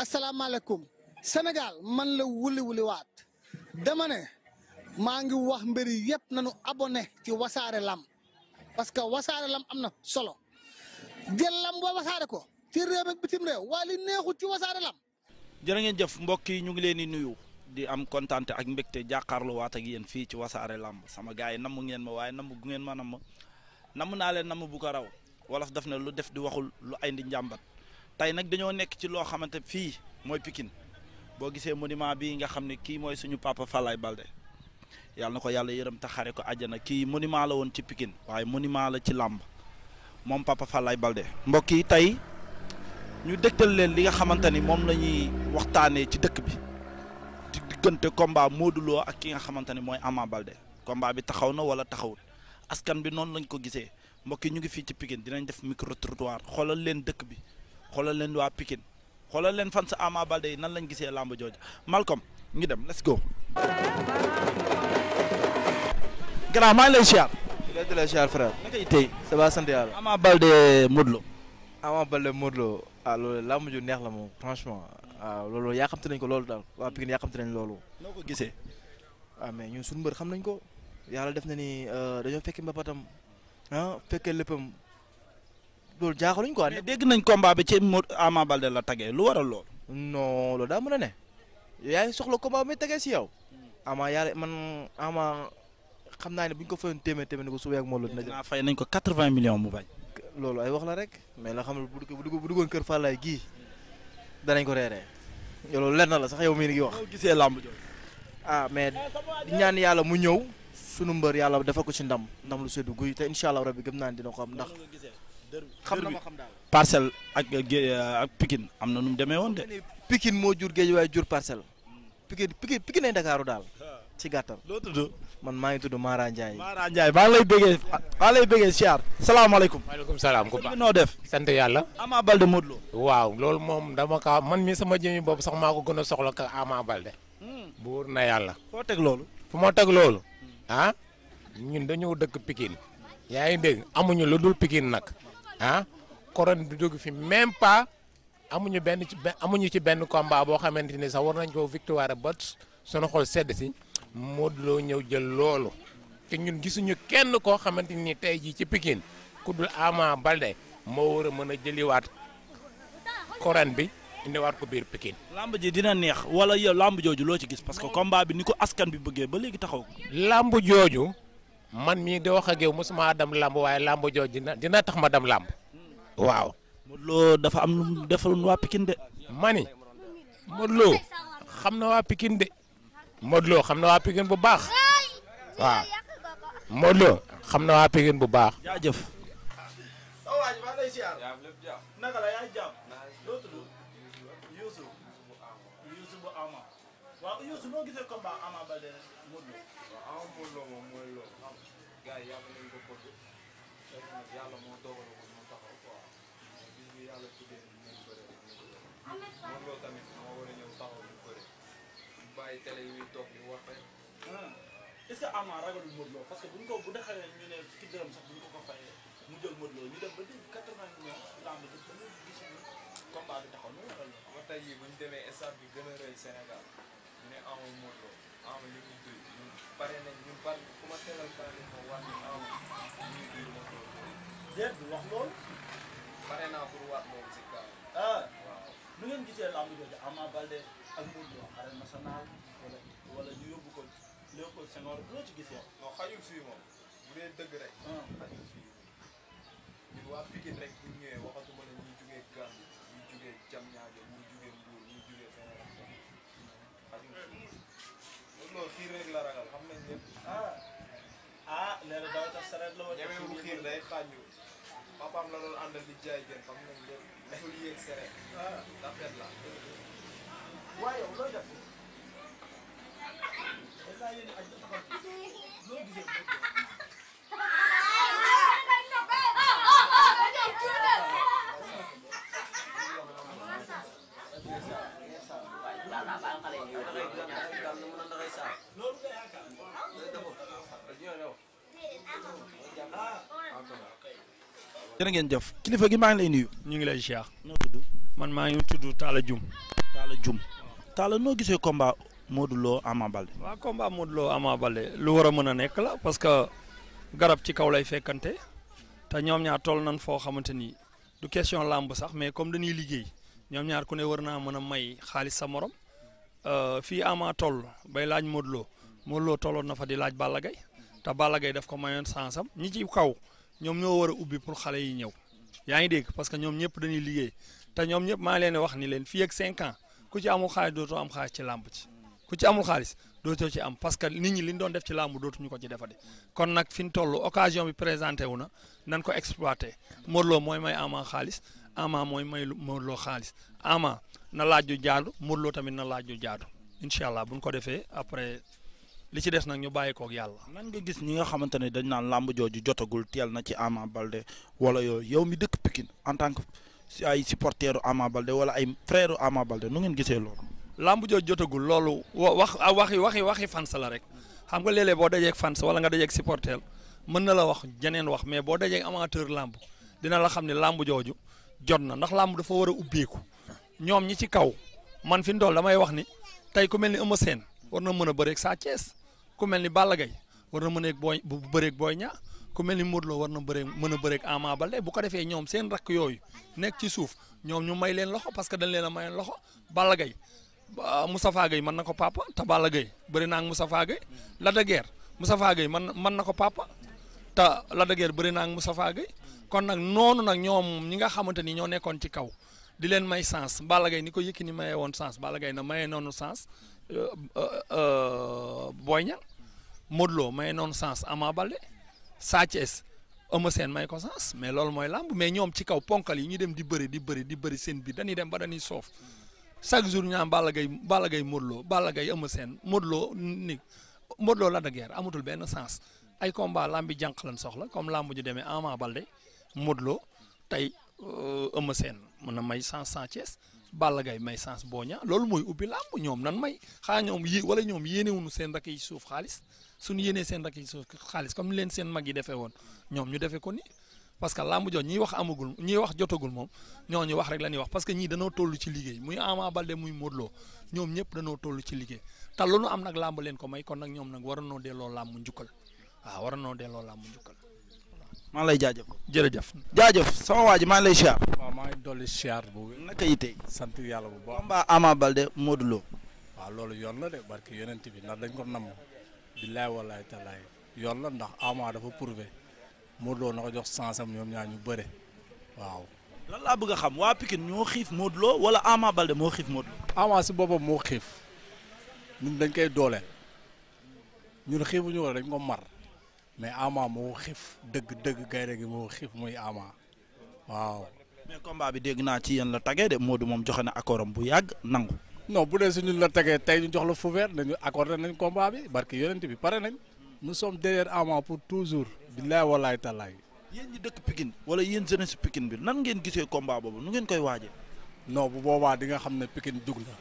asalaamaaleykum senegal man la wuli wuli waat dama maa ngi wax mbir yëpp nañu abone ci wasaare lam parce que wasaare lam am na solo jël lam boo wasaare ko ci réew ak bitim réew waa li neexul ci wasaare lam. jërë ngeen jëf mbokk yi ñu ngi leen di nuyu di am kontaan ak mbégte jàkkaarloo waat ak yéen fii ci wasaare lamb sama gars yi namm ngeen ma waaye namm gu ngeen ma namm namm naa leen namm bu ko raw wolof daf ne lu def di waxul lu ay ndi njàmbat. tey nag dañoo nekk ci loo xamante fii mooy Pikine boo gisee monument bii nga xam ne kii mooy suñu papa Falaye Balde yàlla na ko yàlla yërëm te xare ko àjjana kii monument la woon ci Pikine waaye monument la ci làmb moom papa Falaye Balde mbokk yi tey ñu dëkkal leen li nga xamante ni moom la ñuy waxtaanee ci dëkk bi di diggante combat Modou ak ki nga xamante ni mooy Ama Balde combat bi taxaw na wala taxawul askan bi noonu lañ ko gisee mbokki ñu ngi fii ci Pikine dinañ def micro xoolal leen dëkk bi xoola leen waa Pikine xoolal leen fan sa Ama Baldé yi nan lañ gisee làmb jooju Malcolm ñu dem let's go. grand maa ngi lay siyaar. maa ngi lay siyaar frère. naka yi tey. ça va sant yàlla. Ama ah, làmb ju neex la moom franchement waaw ah, loolu xamte nañ ko loolu daal waa Pikine yaa xamte nañ loolu. noo ko gisee. ah mais ñun suñu mbër xam nañ ko yàlla def na ni euh, dañoo fekki mbapatam ah léppam loolu jaaxaluñ quoi. mais dégg nañ combat bi ci mot Ama Balde la tagee lu waral lool. non loolu daa mën a ne. yaa ngi soxla combat bi tagee si yow. Ama yàlla man Ama xam naa ne bu ñu ko fayoon téeméer téeméer ko suba ak Modou Lo dina jël. ko quatre-vingts millions mu bañ. loolu ay wax la rek mais la xam ne bu dugg bu duggoon Kër Fallaye gii danañ ko reeree. loolu lenn la sax yow mii ngi wax. gisee làmb jooju. ah mais ñaan yàlla mu ñëw. sunu mbër yàlla defal ko si ndam ndam lu seddu guy te incha allah rabbi gëm naa ne dina ko am ndax xam na ma xam daal parcelle ak ak am na nu mu demee woon de. pikin moo jur géej waaye jur parcelle. Pikine Pikine Pikine ay Dakaaru daal. ci gàttal loo tudd. man maa ngi tudd Mara Ndiaye. Mara Ndiaye maa ngi lay bëggee maa ngi lay bëggee siyaar. salaamaaleykum. maaleykum salaam ku baax noo def. sant yàlla. amaa Balde Modou Lo. waaw loolu moom dama kaa man mii sama jëmi bopp sax maa ko gën a soxla ka Ama Balde. Hmm. bu wóor na yàlla. foo teg loolu. fu ma teg loolu. ah ñun dañoo dëkk Pikine. yaa ngi dégg amuñu lu nag. ah couronne bi dugg fi même pas amuñu benn ci amuñu ci benn combat boo xamante ni sax war nañ ko victoire ba sunu xol sedd si Modou Lo ñëw jël loolu te ñun gisuñu kenn koo xamante ni tey jii ci Pikine ku dul Ama Baldé moo war a mën a jëliwaat couronne bi indiwaat ko biir Pikine. lamb ji dina neex wala lamb jooju loo ci gis parce que combat bi ni ko askan bi bëggee ba léegi taxaw. lamb jooju. man mii di wax a yow mosuma dem làmb waaye làmb jooju dina dina tax ma dam làmb waaw. Modou dafa am lu mu defaloon waa Pikine de. ma ni xam na waa Pikine de Modou xam na waa Pikine bu baax waaw Modou Lo xam na waa Pikine bu baax. jaajëf. naka ay télé yuy toog di wax rek. Ah. est bu ko ko fayee mu jël Modou Lo ñu dem ba dégg quatre-vingts millions lamb bi demee stade bi gën a rëy Sénégal ñu ne Ama Modou Lo Ama ma teelal pare nañ ma waat ñu Ama li muy wax loolu. pare naa pour waat moom si kaw. ah waaw nu ngeen gisee lamb jooju Ama Baldé ak Modou Lo arène nationale. wala ñu yóbbu ko Léopold Senghor loo ci gis yow. non xajul fii bu dee dëgg rek. Ah. xajul fii ñun waa Pikine rek bu ñu ñëwee waxatuma ne ñuy jugee Gambie ñuy jugee Diamniadio ñuy jugee Mbour ñuy jugee feneen ak feneen xajul fii loolu xiir rek la ragal xam nañ lépp. ah ah léegi daw tax sareet la woon. ñemeewul papaam la doon àndal di jaay jën xam nañ lépp. dafa yéeg sareet. ah la. waaye jërë ngeen jëf kilifa gi maa lay nuyu. ñu ngi lay ziar. noo tudd man maa ngi tudd Talla Dioum. Talla Dioum Talla noo gisee combat moduloo Lo Ama Baldé. waaw combat Modou Lo Ama Baldé lu war a mën a nekk la parce que garab ci kaw lay fekkante te ñoom ñaar toll nañ foo xamante ni du question làmb sax mais comme dañuy liggéey ñoom ñaar ku ne war naa mën a may xaalis sa morom euh, fii Ama toll bay laaj Modou Lo Modou Lo tolloon na fa di laaj Balla Gaye te Balla Gaye daf ko mayoon sansam ñi ci kaw ñoom ñoo war a ubbi pour xale yi ñëw yaa ngi dégg parce que ñoom ñëpp dañuy liggéey te ñoom ñëpp maa leen wax ni leen fii ak ku ci amul xaalis dootoo am ci làmb ci ku ci amul xaalis dootoo ci am parce que nit ñi li ñu doon def ci làmb dootuñu ko ci defati kon nag fi ñu toll occasion bi présenté wu na nan ko exploité Modou Lo mooy may Ama xaalis Ama mooy may Modou Lo xaalis Ama na laaj ju jaadu Modou tamit na laaj ju jaadu incha allah bu ñu ko defee après li ci des nag ñu bàyyi kook yàlla. nan nga gis ñi nga xamante ne dañ naan làmb jooju jotagul teel na ci Ama Balde wala yooyu yow mi dëkk Pikine en tant que ay supporteru Ama Balde wala ay frère Ama Balde nu ngeen gisee loolu. làmb jooju jotagul loolu wax ah, waxi waxi waxi fans la rek xam nga léeg boo dajeeg fans wala nga dajeeg supporter mën na la wax jeneen wax mais boo dajeeg amateur làmb dina la xam ne làmb jooju jot na ndax làmb dafa war a ubbeeku ñoom ñi ci kaw man fi ndool damay wax ni tey ku mel ni Eumeu Sène war na mën a bëreeg Sa Thiès ni Balla Gaye war mën a bu bëreeg Boy Niang ku mel ni Modou war na bëree mën a bëreeg Ama Baldé bu ko defee ñoom seen rakk yooyu nekk ci suuf ñoom ñu may leen loxo parce que dañ leen a may loxo Balla Gaye Ah, Moustapha Gueye mën na ko papa te Balla Gueye bëri naa ak Moustapha Gueye mm-hmm. Lac de man Moustapha na ko papa te la de bëri naa ak Moustapha Gueye kon nag noonu nag ñoom ñi nga xamante ni ñoo nekkoon ci kaw di leen may sens Balla Gaye ni ko yëkk ni mayee woon sens Balla Gaye na maye noonu sens euh, euh, euh, booy Niang Modou Lo mayee noonu sens Ama Baldé Sa Thiès Eumeu Sène may ko sens mais lool mooy làmb mais ñoom ci kaw ponkal yi ñu dem di bëri di bëri di bëri seen bi dañuy dem ba dañuy soof chaque jour ñu naan Balla Gaye Balla Gaye Modou Lo Balla Gaye Eumeu Sène Modou Lo ni Modou Lo de Guiers amatul benn sens ay combat lambi jànq lan soxla comme lamb ju demee Ama Baldé Modou Lo tey euh, Eumeu Sène mën na may sens sans Thiès Balla Gaye may sens booña loolu mooy ubbi lamb ñoom nan may xaa ñoom yi wala ñoom yéenewuñu seen rakk yi suuf xaalis suñu yéenee seen rakk yi suuf xaalis comme leen seen mag yi defee woon ñoom ñu defee ko ni parce que làmb jooju ñiy wax amagul ñiy wax jotagul moom ñooñu wax rek la ñuy wax parce que ñii danoo toll ci liggéey muy Ama Baldé muy Modou Lo ñoom ñëpp danoo ci liggéey te lu am nag làmb leen ko may kon nag ñoom nag waroonoo delloo làmb njukkal waaw waroonoo delloo làmb njukkal. maa ngi lay jaajëf. jërëjëf. jaajëf sama waa ji lay siyaar. waaw maa ngi dolli siyaar bu. naka yi tey. sant yàlla bu baax. combat Ama waaw loolu yoon la de barke yonent bi ndax dañ ko nam billaay walaay talaay yoon la ndax Ama dafa prouvé Modou Lo na ko jox sens am ñoom ñaar ñu bëre waaw. lan laa bëgg a xam waa Pikine ñoo xiif Modou loo wala Ama Balde moo xiif Modou Lo. si boppam moo xiif ñun dañ koy dooleel ñun xiifuñu wala dañ ko mar mais Ama moo xiif dëgg dëgg gaynde gi moo xiif muy Ama waaw. mais combat bi dégg naa ci yéen la tagee de Modou moom joxe na accord bu yàgg nangu. non bu dee su ñun la tagee tey ñu jox la feu vert nañu accordé nañ combat bi barki yonent bi pare nañ nous sommes derrière Ama pour toujours. billaay walaay talaay. yéen ñi dëkk Pikine wala yéen si Pikine bi nan ngeen gisee combat boobu nu ngeen koy waaje non bu boobaa di nga xam ne Pikine dugg na.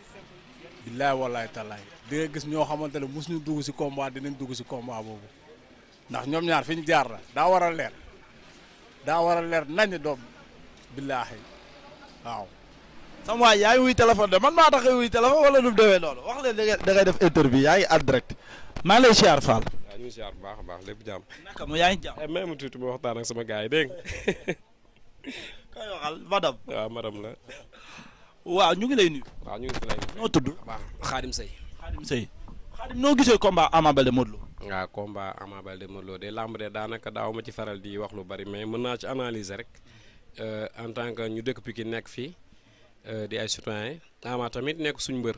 billaay walaay talaay di nga gis ñoo xamante ne mosuñu dugg si combat dinañ dugg si combat boobu ndax ñoom ñaar fi ñu jaar la daa war a leer daa war a leer nañ doom billaahi waaw. sama waay yaa ngi wuy téléphone de man maa tax wuy téléphone wala nu mu demee noonu wax leen da def interview yaa ngi en direct maa ngi lay siyaar Fall. ñu ngi ziar bu baax a baax lépp jàmm. naka mu yaa ngi jàmm. may eh, ma tuuti ma sama gars yi la. waaw ñu ngi lay nuyu. waaw noo tudd. Xaadim Seye. Xaadim Seye. Xaadim noo gisee combat Ama Baldé Modou Lô. waaw combat de làmb de daanaka daaw ma ci faral di wax lu bari mais mën naa ci analyser rek euh, en tant que ñu dëkk Pikine nekk fii euh, di ay citoyen Ama tamit nekk suñu mbër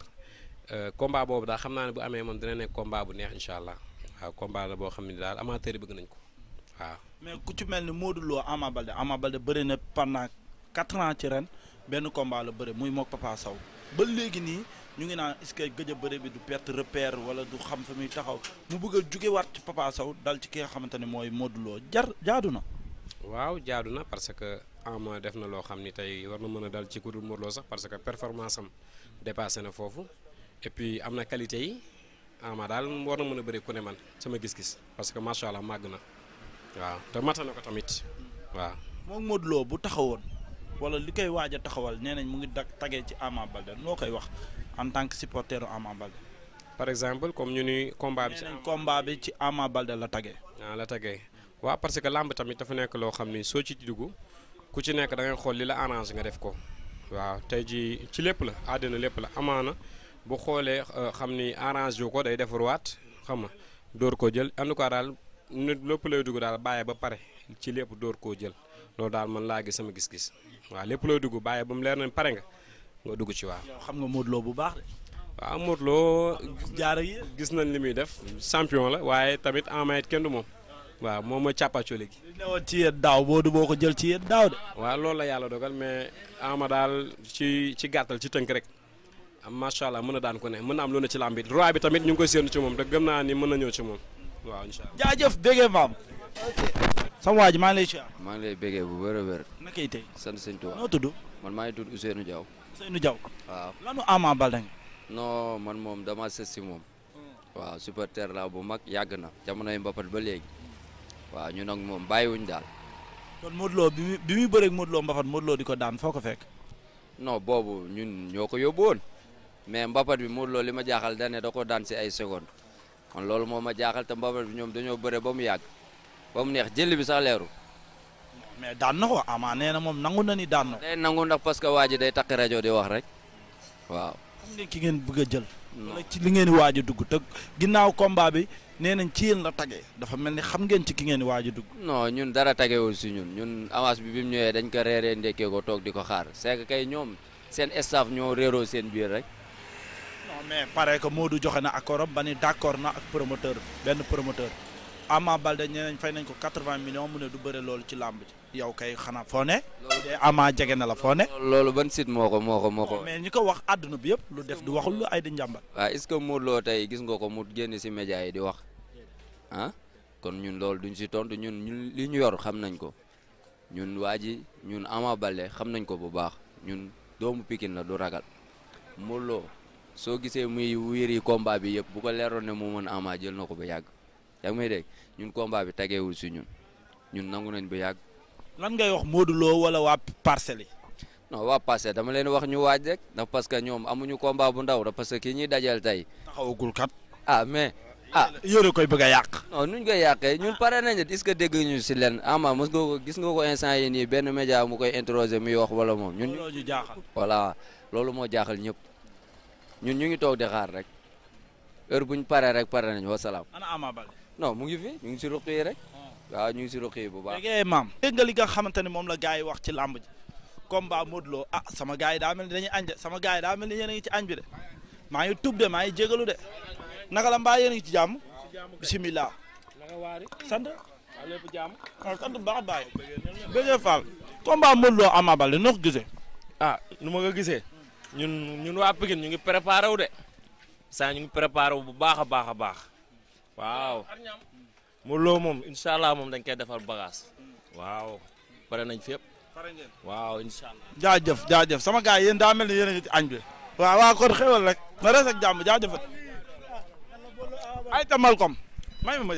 euh, combat boobu daal xam naa ne bu amee moom dina nekk combat bu neex incha allah. waaw combat boo xam ne daal amaa yi bëgg nañ ko waaw. mais ku ci mel ni Modou Lo Ama Balde Ama Balde bëri na pendant quatre ans ci ren benn combat la bëri muy moog Papa Sow ba léegi nii ñu ngi naan est-ce que gëj bëri bi du perte repère wala du xam fa muy taxaw mu bëgg a jugewaat ci Papa Sow dal ci ki nga xamante ne mooy Modou jar jaadu na. waaw jaadu na parce que Ama def na loo xam ni tey war na mën a dal ci ku dul sax parce que performance am dépassé na foofu puis am na qualité Ama daal war na mën a bëri ku ne man sama gis-gis parce que macha allah màgg na waaw te mata na ko tamit waaw. moom Modou Lo bu taxawoon wala li koy waaj a taxawal nee nañ mu ngi dag tagee ci Ama Balde noo koy wax en tant que supporter Ama Balde. par exemple comme ñu ni combat bi. ci combat bi ci Ama Balde la tagee. waaw ah, la tagee waaw parce que làmb tamit dafa nekk loo xam ni soo ci dugg ku ci nekk da ngay xool li la arrange nga def ko. waaw tey jii ci lépp la àddina lépp la amaana. bu xoolee euh, xam ni arrangé wu ko day defarwaat xam nga dóor koo jël en tout cas daal nit lépp lay dugg daal bàyyi ba pare ci lépp dóor koo jël loolu daal man laa gis sama gis-gis waaw lépp looy dugg bàyyi ba mu leer na pare nga nga dugg ci waaw. xam nga Modou bu baax de. waaw Modou Lo jaar yi gis nañ li muy def champion la waaye tamit en main kenn du moom waaw moom mooy càppacoli gi. ci yéen daaw boo du boo ko jël ci yéen daaw de. waa loolu la yàlla dogal mais ama daal ci ci gàttal ci tënk rek. macha allah mën a daan ko ne mën na am lu ne ci làmb bi roi bi tamit ñu ngi koy séenu ci moom te naa ni mën na ñëw ci moom waaw incha allah. jaajëf déggee maam. sama waa ji maa ngi lay siyaar. maa ngi lay bégee bu wër a wér. naka yi tey. sant sëñ Tuubaa. noo tudd. man maa ngi tudd jaw Diaw. Ousseynou Diaw. waaw lanu Ama Baldé nga. man moom dama sës si moom. Hmm. waaw supporter la bu mag yàgg na jamono yi mbapat ba léegi. waaw ñu nag moom bàyyiwuñ daal. kon Modou Lo bi muy bi muy bëreeg di ko daan foo ko fekk. non boobu ñun ñoo ko yóbbu mais mbapat bi Modou Lo li ma jaaxal dane da ko daan si ay seconde kon loolu moo ma jaaxal te mbapat bi ñoom dañoo bëre ba mu yàgg ba mu neex jël bi sax leeru mais daan na ko ama nee na moom nangu na ni daan na nangu ndax parce que waa day takk rajo di wax rek waaw xam ngeen bëgg a jël ci li ngeen waaj dugg te ginnaaw combat bi nee nañ ci yéen la tagee dafa mel ni xam ngeen ci ki ngeen waaj dugg non ñun dara tagewul si ñun ñun avance bi bi mu ñëwee dañ ko reere ndekkee ko toog di ko xaar c'est que kay ñoom seen staff ñoo réeroo seen biir rek mais pare que du joxe na ak accordam ba ni d' accord na ak promoteur benn promoteur Ama Balde ñeneen fay nañ ko quatre-vingts millions mu ne du bëre loolu ci làmb ji yow kay xanaa foo ne. jege na la foo loolu ban site moo ko moo ko moo ko. mais ñi ko wax àdduna bi yëpp lu def du waxul lu ay di njàmbat. waaw est ce que Modou tey gis nga ko mu génn si média yi di wax ah kon ñun loolu duñ si tontu ñun ñun li ñu yor xam nañ ko ñun waa ji ñun Ama Balde xam nañ ko bu baax ñun doomu Pikine la du ragal Modou soo gisee muy wéeri combat bi yëpp bu ko leeroon ne moo mën Ama jël na ko ba yàgg yaa ngi may dégg ñun combat bi tageewul si ñun ñun nangu nañ ba yàgg. lan ngay wax Modou Lo wala waa parcelle yi. non waa Parcelles dama leen wax ñu waaj rek ndax parce que ñoom amuñu combat bu ndaw da parce que ki ñuy dajal tey. taxawagul kat. ah mais. ah yore koy bëgg a yàq. non koy yàqee ñun pare nañu est dégg ñu si leen ama mos nga ko gis nga ko instant yi nii benn média mu koy introsé muy wax wala moom. ñun loolu ñu jaaxal voilà loolu moo jaaxal ñëpp. ñun ñu ngi toog di xaar rek heure bu ñu paree rek pare nañu wa salaam. ana Ama Baldé. non mu ngi fi ñu ngi si ruq yi rek. Oh. waaw ñu ngi si ruq yi bu baax. léegi eh, maam dégg nga li nga xamante ne moom la gars yi wax ci làmb ji. combat Modou Lo ah sama gars yi daa mel ni dañuy añ de sama gars yi daa mel ni yéen a ngi ci añ bi de maa ngi tub de maa ngi jégalu de naka la mbaa yéen a ngi ci jàmm. bisimilah. sant. waaw ah, lépp jàmm. waaw sant bu baax Baye. bëggee Fall. combat Modou Lo Ama Baldé noo ko gisee. ah nu ma ko gisee. ñun ñun waa Pikine ñu ngi préparé wu de saa ñu ngi préparé wu bu baax a baax a baax waaw mu loo moom incha allah moom dañ koy defar bagage waaw pare nañ fépp waaw incha allah. jaajëf jaajëf sama gars yéen daa mel ni yéen a añ bi. waaw waaw kon xéwal rek. na res ak jàmm jaajëfal. ay tamal kom may ma ma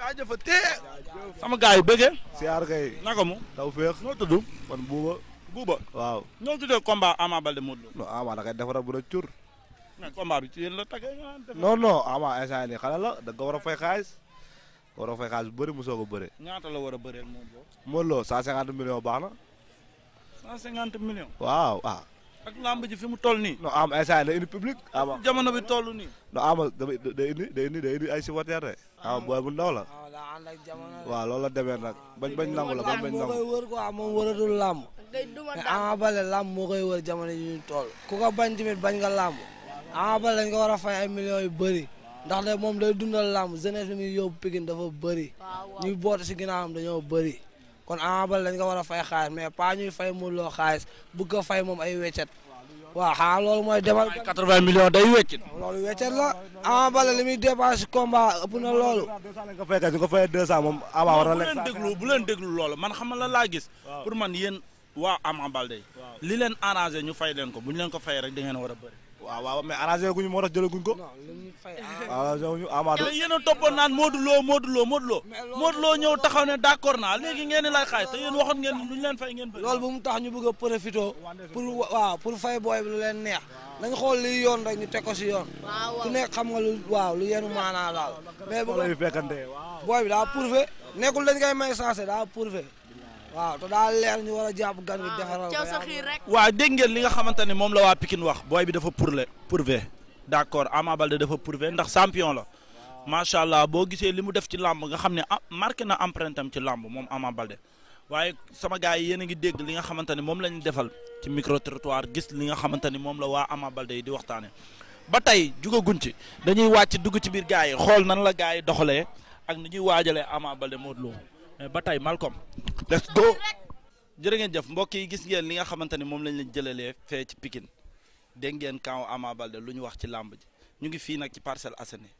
jaajëfa tee sama gars yi bëggee siyaar kay naka mu taw féex noo tudd kon buuba buuba noo tuddee combat Ama Ama da koy defara bi ci yéen la Ama instant nii xale la da nga bu bëri mu soog a la war a bëree Modou Lô Modou Lô cent cinquante millions waaw ah ak lamb ji fi mu tol ni non am instant da indi public. ama jamono bi toll nii. non ama day indi ay supporters waaw ah, booy bu ndaw la. Ah, waaw loolu la demee nag bañ bañ nangu la bañ bañ nangu. moo koy wër quoi moom wëratul làmb. mais Ama Baldé làmb moo koy wër jamono yi ñu toll. ku ko bañ tamit bañ nga làmb. Ama Baldé dañ ko war a fay ay millions yu bëri. ndax de moom day dundal làmb jeunesse bi muy yóbbu Pikine dafa bëri. ñuy boote si ginnaawam dañoo bëri. kon Ama Baldé dañ ko war a fay xaalis mais pas ñuy fay mu loo xaalis bu fay moom ay weccet. waaw xanaa loolu mooy demal. 80 millions day weccit. loolu weccit la Ama Baldé li muy dépense combat ëpp na loolu. nga fay ko fayee 200 moom Ama war na leen déglu bu leen déglu loolu man xam la laa gis. pour man yéen waa Ama Baldé. li leen arrangé ñu fay leen ko bu ñu leen ko fayee rek da ngeen war a bëri. waaw waaw mais arrangé guñu moo tax jëlaguñ ko. non li ah. guñu ah, Amadou. yéen a toppoon naan Modou Lo Modou Lo Modou Lo. Modou Lo ñëw taxaw ne d' naa léegi ngeen lay xaay te yéen waxoon ngeen lu ñu leen fay loolu bu mu tax ñu bëgg a profité waaw pour fay booy bi lu leen neex nañ xool li yoon rek ñu teg ko si yoon. ku nekk xam nga lu waaw lu yenu maanaa daal. mais bu booy bi daa prouvé nekkul dañ koy may sensé daa prouvé waaw te daal leer ñu war a jàpp gan bi defaral ko dégg ngeen li nga xamante ne moom la waa pikin wax booy bi dafa pour pourvé d'accord Ama Baldé dafa pourvé ndax sampion la macha allah boo gisee li mu def ci làmb nga xam ne ah, marqué na empreinte am ci làmb moom Ama Baldé waaye sama gars yi yéen a ngi dégg li nga xamante ne moom la ñu defal ci micro trottoir gis li nga xamante ni moom la waa Ama Baldé yi di waxtaane ba tey jugaguñ ci dañuy wàcc dugg ci biir gars yi xool nan la gars yi doxalee ak ni ñuy waajalee Ama Baldé Modou mais euh, ba tey Malcom let's go jërë ngeen jëf mbokk yi gis ngeen li nga xamante ni moom lañ leen jëlalee fee ci Pikine dégg ngeen amabal Ama lu ñu wax ci làmb ji ñu ngi fii nag ci Parcelles Assainies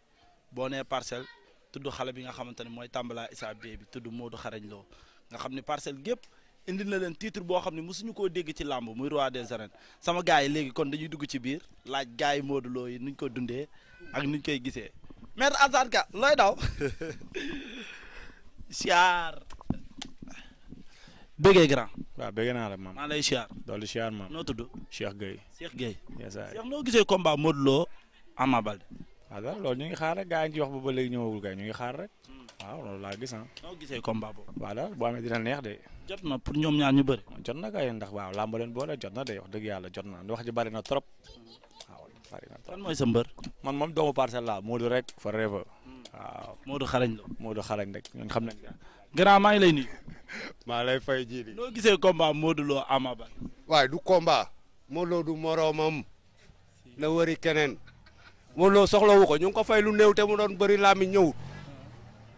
boo nee parcelle tudd xale bi nga xamante ne mooy Tambala Issa Bey bi tudd Modou Xarañ loo nga xam ne parcelle gépp indi na leen titre boo xam ne mosuñu koo dégg ci làmb muy roi des arènes sama gars yi léegi kon dañuy dugg ci biir laaj gars yi Modou Lo yi ñu ko dundee ak nuñ koy gisee maître Assane Ka siyaar. bëggee grand. waaw bëggee naa la maam. maa lay siyaar. dolli siyaar noo tudd. Cheikh Gueye. Cheikh Gueye. yes waay Cheikh noo gisee combat Modou Lo Ama Baldé. waaw ah, loolu ñu ngi xaar rek gaa yi ñu ci wax ba ba léegi ñëwagul gaa ñu ngi xaar rek. Hmm. waaw loolu laa gis ah. noo gisee combat boobu. waaw daal boo amee dina neex de. jot na pour ñoom ñaar ñu bëri. jot na kay ndax waaw làmb leen boole jot na de wax dëgg yàlla jot na wax ji bari na trop. Hmm. waaw bari na mooy sa mbër. moom doomu parcelle waaw Modou xarañ la Modou xarañ rek ñun xam nañ grand maa ngi lay nuyu. maa lay fay ji li noo gisee combat Modou Lo Ama Baldé waaye du combat Modou Lo du moroomam na wëri keneen Modou loo soxlawu ko ñu ko fay lu néew te mu doon bëri laami ñëw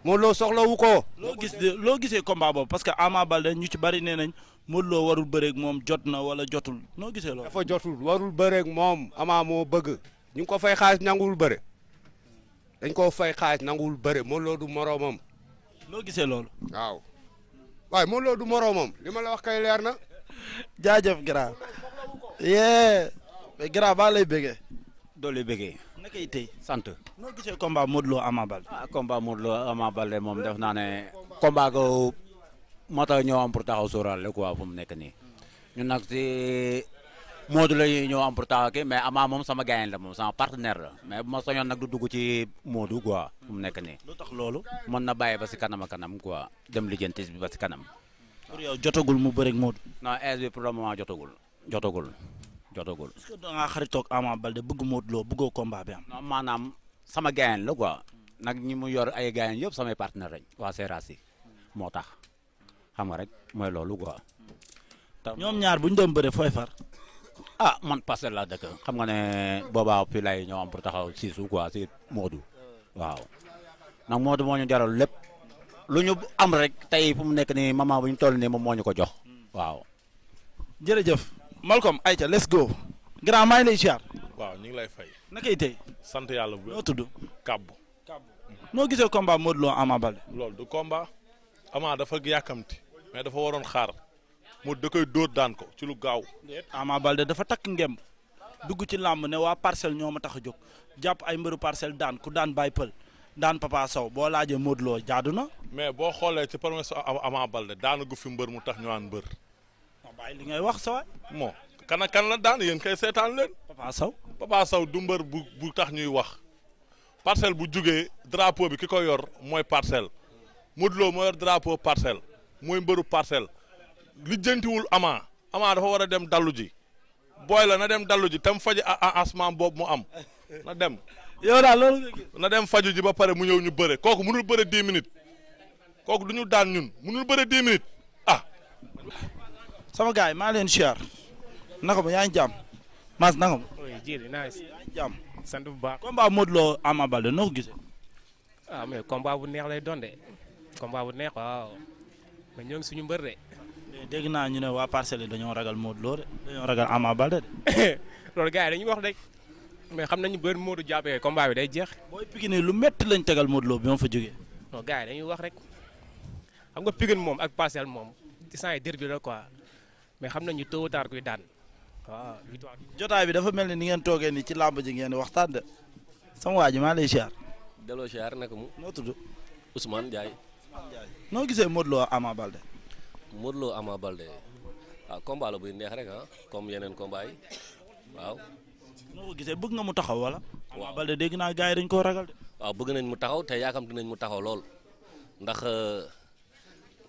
Modou Lo soxlawu ko. loo gis loo gisee combat boobu parce que Ama Baldé ñu ci bari nee nañ Modou Lo warul bëreeg moom jot na wala jotul noo gisee lo dafa jotul warul bëreeg moom Ama moo bëgg ñu ko fay xaalis dañ koo fay xaalis nanguwul lu Modou Lo du moroomam. loo gisee loolu. waaw waaye Modou Lo du moroomam li ma la wax kay leer na. jaajëf Gara. yee. mais Gara baa lay bëggee. doo lay bëggee. nakay tey sant. noo gisee ah, combat Modou Lo Ama Baldé. moom def naa ne. combat ko moo tax ñoo am pour taxaw sóoraale quoi mu nekk nii. ñun nag si. Modou la ñëw am pour taxaw mais Ama moom sama gayen la moom sama partenaire la mais bu ma soñoon nag du dugg ci Modou quoi mu nekk nii. lu tax loolu. mën na bàyyi ba si kanam a kanam quoi dem lijjantis bi ba si kanam. pour yow jotagul mu bëreeg Modou. non aise bi pour le moment jotagul. jotagul jotagul. est-ce que da ngaa xaritoo ak Ama Baldé bëgg Modou Lo bëggoo combat bi am. non maanaam sama gayen la quoi. nag ñi mu yor ay gayen yëpp samay partenaire lañ. waa Seras moo tax xam nga rek mooy loolu ah man parcelle la dëkk xam nga ne boobaa fii lay ñëw am pour taxaw siisu quoi si Modou waaw nag Modou moo ñu jaral lu ñu am rek tey fu mu nekk nii maman bu ñu toll nii moom moo ko jox waaw. jërëjëf Malcolm Aïcha let's go. grand maa ngi lay waaw ñu ngi lay fay. nakay tey. sant yàlla bu noo tudd. Kabbu. Kabbu noo gisee combat Modou Lo Ama Baldé. loolu du combat Ama dafa yàkkamti mais dafa waroon xaar. moo da koy dóor daan ko ci lu gaaw. Ama Balde dafa takk ngemb dugg ci làmb ne waa parcelle ñoo ma tax a jóg jàpp ay mbëru parcelle daan ku daan bàyyi daan Papa Sow boo laajee Modou Lo na. mais boo xoolee ci promesse Ama Balde daana gu fi mbër mu tax ñu naan mbër. bàyyi li ngay wax sa waay. moo kan ak kan la daan yéen kay seetaan leen. Papa Sow Papa Sow du mbër bu bu tax ñuy wax parcelle bu jugee drapeau bi ki ko yor mooy parcelle Modou Lo moo yor drapeau parcelle lijjantiwul Ama Ama dafa war a dem dallu ji booy na dem dallu ji tam faji asmaan boobu mu am na dem. yow loolu na dem faju ji ba pare mu ñëw ñu bëre kooku mënul bëre dix kooku du ñu daan ñun mënul bëre dix minutes ah. sama gars yi maa leen siyaar naka ma yaa ngi jàmm Mass naka ma. oui jërëjëf naa si jàmm sant bu baax. combat Modou noo ko gisee. Ah, bu neex lay doon de combat bu neex waaw mais ñoo suñu mbër dégg naa ñu ne waa parcelle dañoo ragal Modou Lo de dañoo ragal Ama Baldé de. loolu gars yi dañuy wax rek mais xam nañu bër Modou jàppee combat bi day jeex. booy lu métti lañ tegal Modou bi ma fa jógee. non gars yi dañuy wax rek xam nga Pikine moom ak parcelle moom instant yii derby la quoi mais xam nañu tôt ou tard kuy daan waaw. jotaay bi dafa mel ni ni ngeen toogee nii ci làmb ji ngeen waxtaan de sama waa ji maa lay siyaar. delloo siyaar naka mu. noo tudd. Ousmane Ndiaye. noo gisee Modou Lo Ama Modou Lo Ama Baldé waaw combat buy neex rek ah comme yeneen combat yi waaw. noo gisee bëgg nga mu taxaw walla waaw Ama dégg naa gars yi dañ koo ragal de. waaw bëgg nañ mu taxaw te yaakamti nañ mu taxaw lool ndax euh,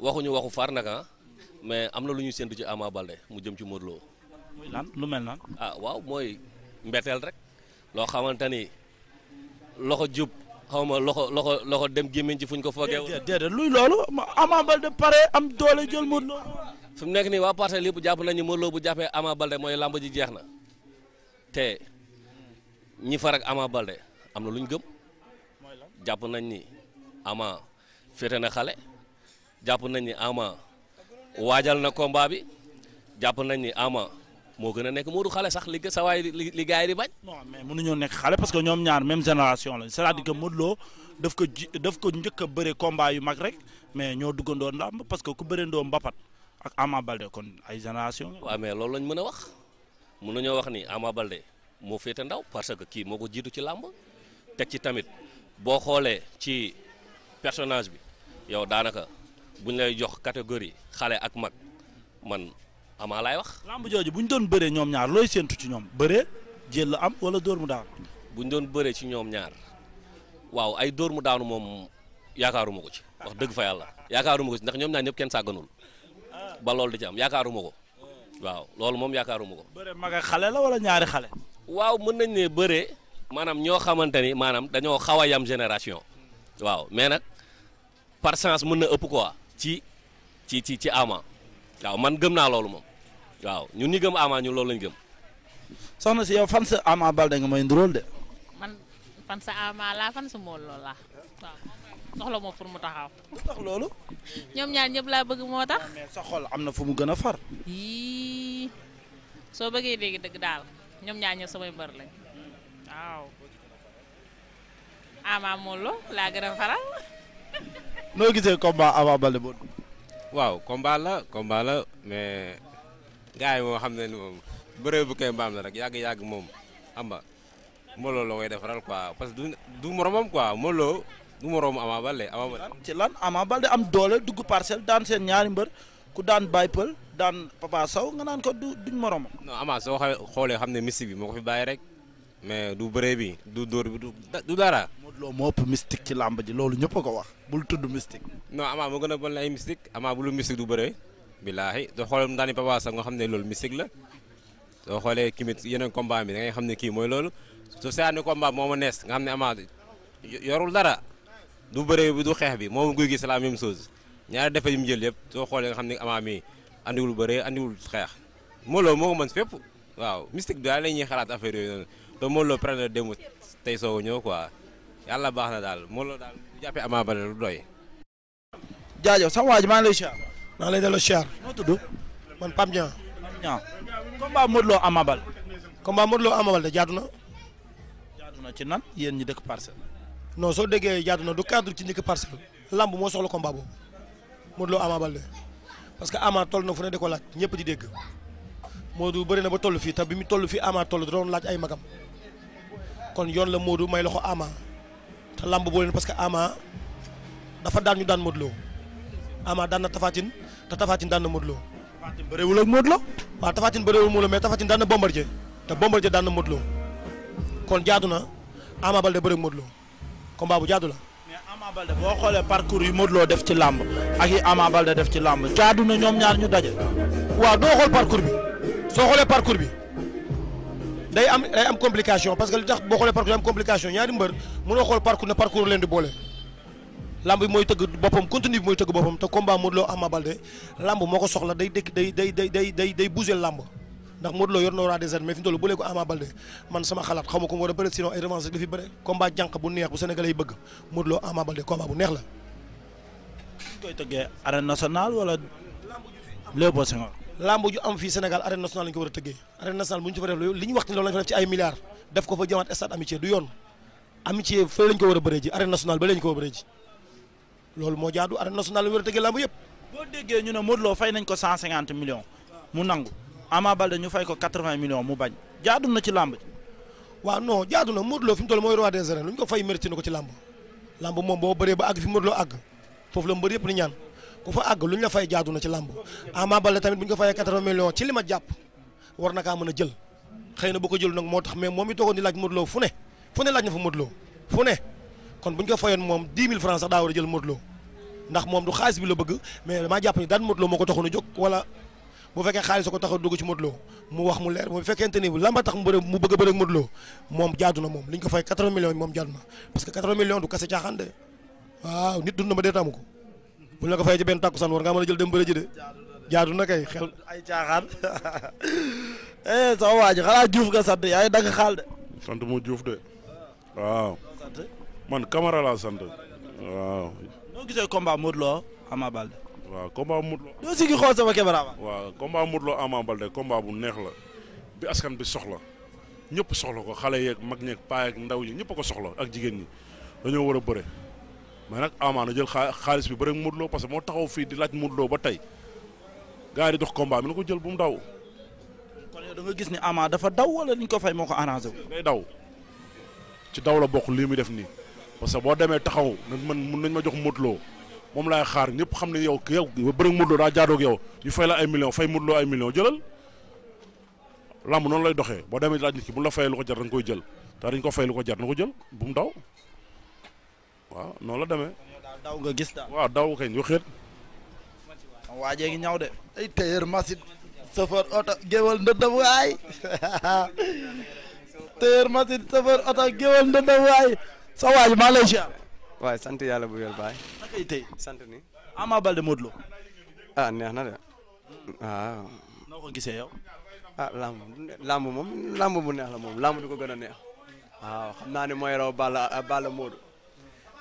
waxuñu waxu far nag ah mais am na lu ñuy séntu ci Ama Baldé mu jëm ci Modou lu mel nan. ah waaw mooy mbetteel rek loo xamante ni loxo jub. xaw ma loxo loxo loxo dem gémmiñ ci fuñ ko foogee. déedéet luy loolu Ama Baldé pare am doole jël Modou Lo. mu nekk nii waa parcelle bu jàpp nañu Modou Lo bu jàppee Ama Baldé mooy làmb ji jeex na te ñi far ak Ama Baldé am na lu ñu gëm jàpp nañ ni Ama féete na xale jàpp nañ ni Ama waajal na combat bi jàpp nañ ni Ama. moo gën a nekk Modou xale sax li sa waay li li gars yi di bañ. non mais mënuñoo nekk xale parce que ñoom ñaar même génération la c'est-à-dire que Modou Lo daf ko ji daf ko njëkk a bëre combat yu mag rek mais ñoo duggandoo làmb parce que ku bërendoo mbapat ak Ama Balde kon ay génération la. waaw mais loolu mën a wax mun nañoo wax ni Ama Balde moo féete ndaw parce que kii moo ko jiitu ci làmb teg ci tamit boo xoolee ci personnage bi yow daanaka buñ lay jox catégorie xale ak mag man. ama laay wax. lamb jooju bu ñu doon bëree ñoom ñaar looy séentu ci ñoom bëree jël am wala dóor mu daanu. bu ñu doon bëree ci ñoom ñaar waaw ay dóor mu daanu moom yaakaaruma ko ci wax dëgg fa yàlla yaakaaruma ko ndax ñoom ñaar ñëpp kenn sàgganul ah. ba loolu di ci am yaakaaruma ko waaw loolu moom yaakaaruma ko. bëree mag xale la wala ñaari xale. waaw mën nañ ne bëree maanaam ñoo xamante ni maanaam dañoo xaw a yam génération waaw mais nag par chance mën na ëpp ko ci ci ci ci ama waaw man gëm naa loolu moom waaw ñun ñi gëm Ama ñun loolu lañ gëm. soxna si yow fan sa Ama Baldé nga may nduróol de. man fan sa Ama laa fan sa Modou Lo laa soxla moo pour mu taxaw. lu tax loolu. ñoom ñaar ñëpp laa bëgg moo tax. mais am na fu mu gën a far. yii soo bëggee léegi dëgg daal ñoom ñaar ñëpp samay mbër lañ waaw. Ama Modou Lo laa gën a faral. noo gisee combat Ama Baldé Modou Lo waaw combat la combat la mais gars moom xam ne ni moom bëree bu koy mbaam la rek yàgg-yàgg moom xam nga Modou Lo la koy defaral quoi parce que du du moromam quoi Modou Lo du moroomu Ama Baldé Ama Baldé ci lan Ama Baldé am doole dugg parcelle daan seen ñaari mbër ku daan Baye Peul daan Papa Sow nga naan ko du duñ moromam non Ama soo xoolee xam ne mystique bi moo ko fi bàyyi rek mais du bëree bi du dóor bi du dara Modou Lo moo ëpp mystique ci làmb ji loolu ñëpp a ko wax bul tudd mystique. non Ama moo gën a bon la ay mystique Ama bu lu mystique du bëree. billaahi doo xool daani Papa sax nga xam ne loolu mystique la soo xoolee kimit yeneen combat bi da ngay xam ne kii mooy loolu su seetaanee combat moo ma nees nga xam ne Ama yorul dara du bëree bi du xeex bi moom guy gi c'est la même chose ñaari defar yi mu jël yëpp soo xoolee nga xam ne Ama mi andiwul bëree andiwul xeex Modou moo ko mën waaw mystique daal la ñuy xalaat affaire yooyu noonu te Modou tey soo ñëw quoi. yàlla baax na daal Modou daal bu jàppee Ama Baldé lu doy. jaajëf sax waa ji maa ngi lay siyaar. maa ngi tudd man Pape Niang. Pape Niang combat Modou Lo Ama Baldé. combat na. jaadu na ci nan yéen ñi dëkk parcelle. non soo déggee jaadu na du cadre ci njëkk parcelle. lamb moo soxla combat boobu Modou Lo Ama parce que Ama toll na fu ne di ko laaj ñëpp di dégg Modou bëri na ba toll fii te bi mu toll fii Ama toll doon laaj ay magam kon yoon la Modou may loxo Ama. te lamb boo leen parce que Ama dafa daan ñu daan Modou Lo Ama daan na Tapha te Tapha Tine daan na Modou Lo. Tapha Tine bëreewul ak Modou Lo. waaw Tapha Tine mais Tapha Tine daan na Bombardier te Bombardier daan na Modou kon jaadu na Ama Baldé bëreeg Modou Lo combat bu jaadu la. mais Ama Baldé boo xoolee parcours yu Modou Lo def ci làmb ak yi Ama Baldé def ci làmb jaadu na ñoom ñaar ñu daje. waa doo xool parcours bi soo xoolee parcours bi. day am day am complication parce que li tax boo xoolee parcours day am complication ñaari mbër mënoo xool parcours ne parcours leen di boole. lamb bi mooy tëgg boppam continue bi mooy tëgg boppam te combat Lo Ama Baldé moo ko soxla day dëkk day day day day day day bouger lamb ndax Modou Lo yor na roi des arènes mais fi mu toll bu ko Ama Baldé man sama xalaat xaw ma ko war a bëre sinon ay revanche rek la fi bëre combat jànq bu neex bu Sénégalais yi bëgg Modou Lo Ama Baldé combat bu neex la. lamb ju am fii Sénégal arène nationale lañ ko war a tëggee arène nationale bu ñu fa def li ñu wax ni loolu lañ fa def ci ay milliards def ko fa jëmaat stade amitié du yoon amitié fële lañ ko war a bëree ji arène nationale ba lañ ko war a loolu moo jaadu arène nationale lañ war a tëggee lamb yëpp. boo déggee ñu ne Modou Lo fay nañ ko 150 millions mu nangu Ama Baldé ñu fay ko 80 mu bañ jaadu na ci lamb ji. waaw non jaadu na Modou Lo fi mu toll mooy roi des arènes lu ñu ko fay mérité foofu la mbër yëpp ni ñaan ku fa àgg lu ñu la fay jaadu na ci làmb Ama Baldé tamit bu ñu ko fayee 80 millions ci li ma jàpp war na kaa mën a jël xëy na bu ko jël nag moo tax mais moom mi toogoon di laaj Modou Lo fu ko fayoon moom 10 000 francs a jël Modou Lo ndax moom du la bëgg mais damaa jàpp ni daan Modou Lo moo ko taxoon a jóg wala bu a dugg ci Modou Lo wax mu leer bu fekkente ni lamba tax mu bëre mu bëgg a bëre ak Modou moom jaadu na moom li ñu ko moom jaadu na parce que 80 millions du waaw nit dund na ma dee taamu ko buñ nekk ko fay ci benn takkusaan war ngaa mën a jël dem bëre ji de jaadu na kay xel ay caaxaan eh sama waa ji xanaa Diouf sant yaay dagg xaal de. sant mu Diouf de ah. waaw. man Camara sant waaw. noo gisee combat Modou Lo Ama Balde. waaw combat Modou Lo. doo si gi xool bu neex la bi askan bi soxla ñëpp soxla ko xale yeeg mag ñeeg paa yeeg ndaw ñi ñëpp ko soxla ak jigéen ñi dañoo war a bëre. mais nag Ama na jël xaalis bi bëri motloo Modou Lo parce que moo taxaw fii di laaj Modou ba tey gaa yi di dox combat bi na ko jël bu mu daw. kon yow da nga gis ni Ama dafa daw wala ni ko fay moo ko arrangé wu. day daw ci daw la bokk lii muy def nii parce que boo demee taxaw nag mun nañ ma jox Modou moom laay xaar ñëpp xam ne yow yow ba bëri ak daa jaadoog yow ñu fay la ay million fay Modou ay millions jëlal lamb noonu lay doxee boo demee di laaj nit ki bu la fayee lu ko jar da koy jël te dañ ko fay lu ko jar na ko jël bu mu daw. waaw noonu la demee. daw nga gis daal waaw daw kay ñu xët. waa jéegi ñaw de. ay tailleur machine. oto géwal ndëndam waay. tailleur machine chauffeur waaye sant yàlla bu yor baay. nakay tey sant ni. Ama Balde Modou ah neex na de waaw. noo ko gisee yow. ah lamb lamb moom lamb bu neex la moom lamb du ko gën a neex. waaw xam naa ni mooy raw Balla Balla Modou.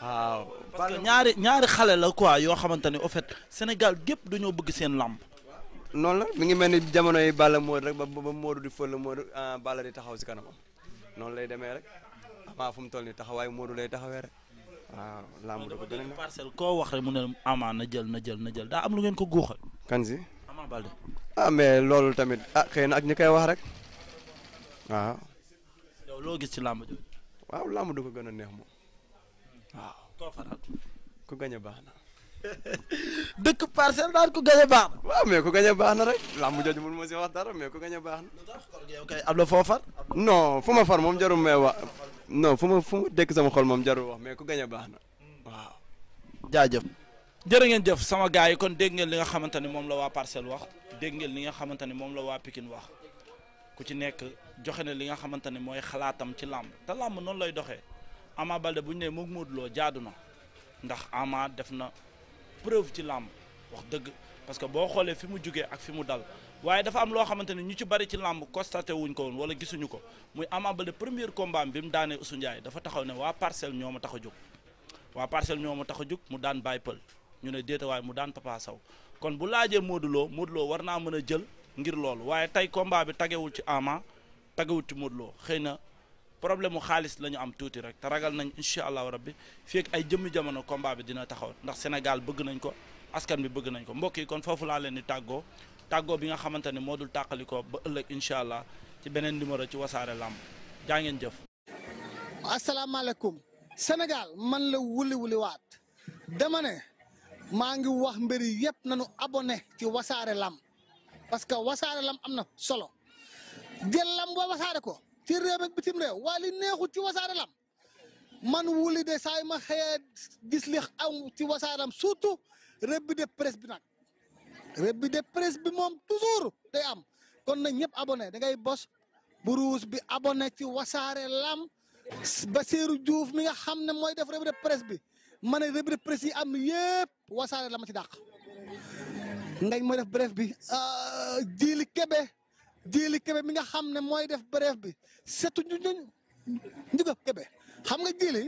waaw parce que ñaari ñaari xale la quoi yoo xamante ne au fait Sénégal gépp dañoo bëgg seen làmp noonu la mu ngi mel ni jamono yi Balla Modou rek ba ba Modou di fël Modou ah, Balla di taxaw si kanamam noonu lay demee rek Ama fu mu toll nii taxawaay Modou lay taxawee làmb da ko gën a parcelle koo wax rek mu ne Ama na jël na jël na jël daa am lu ngeen ko guuxal kan si Ama Baldé ah mais loolu tamit ah xëy na ak ñu koy wax rek waaw loo gis ci làmb jooju waaw làmb du ko gën a neex moom waaw koo faral ku gañ a baax na dëkk parcelle daal ku gañ a baax na waaw mais ku gañ a baax na rek làmb jooju mun ma si wax dara mais ku gañ a baax na ab la foo far non fu ma far moom jarul may wax non fu ma fu ma dëkk sama xol moom jarul wax mais ku gañ a baax na hmm. waaw jër jërë ngeen jëf sama gars yi kon dégg ngeen li nga xamante ne moom la waa parcelle wax dégg ngeen li nga xamante ne moom la waa Pikine wax ku ci nekk joxe na li nga xamante ne mooy xalaatam ci làmb te làmb noonu lay doxee Ama Balde bu ñu nee moog Modou jaadu na ndax Ama def na preuve ci làmb wax dëgg parce que boo xoolee fi mu jugee ak fi mu dal waaye dafa am loo xamante ne ñu ci bari ci làmb constaté wuñ ko woon wala gisuñu ko muy Ama Balde premier bi mu daanee Ousou Ndiaye dafa taxaw ne waa parcelle ñoo ma tax a jóg waa parcelle ñoo ma tax a jóg mu daan Baye Pël ñu ne déetawaay mu daan Papa Sow kon bu laajee Modou Lo Modou war naa mën a jël ngir loolu waaye tey combat bi tagewul ci Ama tagewul ci Modou Lo xëy na problème mu xaalis la ñu am tuuti rek te ragal nañ incha allahu rabbi fii ay jëmmi jamono combat bi dina taxaw ndax Sénégal bëgg nañ ko askan bi bëgg nañ ko mbokk yi kon foofu laa leen di tàggoo tàggoo bi nga xamante ne moo dul tàqalikoo ba ëllëg incha allah ci beneen numéro ci wasaare làmb jaa ngeen jëf. asalaamaaleykum Sénégal man la wuli wuli waat dama maa ngi wax mbir yëpp nañu abone ci wasaare làmb parce que wasaare làmb am na solo jël làmb ba ko. ci réew ak bitim réew waa li neexut ci wasaare lam man wuli de saay ma xëyee gis li am ci wasaare lam surtout revue de presse bi nag revue de presse bi moom toujours day am kon nañ ñëpp abonné da ngay bos buruus bi abonné ci wasaare lam Bassirou Diouf mi nga xam ne mooy def revue de presse bi ma ne revue de presse yi am yëpp wasaare la ma ci dàq ngañ mooy def bref bi ah, jili kebe jéeli kebe mi nga xam ne mooy def bref bi setu ñu ñu njëga kebe xam nga jéeli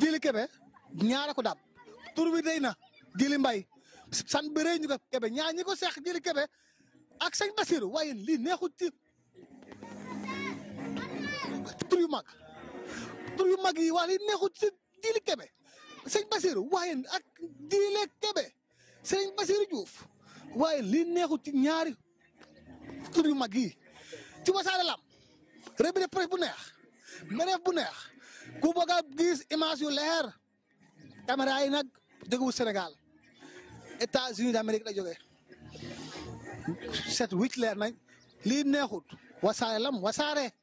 jéeli kebe ñaara ko dab tur bi day na jéeli mbay san bëree ñu ko kebe ñaar ñi ko seex jéeli kebe ak sëñ Basiru waaye lii neexul ci tur yu mag tur yu mag yi waa lii neexul ci jéeli kebe sëñ Basiru waaye ak jéeli kebe sëñ Basiru Juuf waaye lii neexul ci ñaari tur yu mag yi ci Wassare Lamb revue de presse bu neex mereef bu neex ku bëgg gis image leer caméra yi nag jógewul Sénégal États-Unis d'Amérique la joge set wicc leer nañ lii neexut Wassare Lamb wasare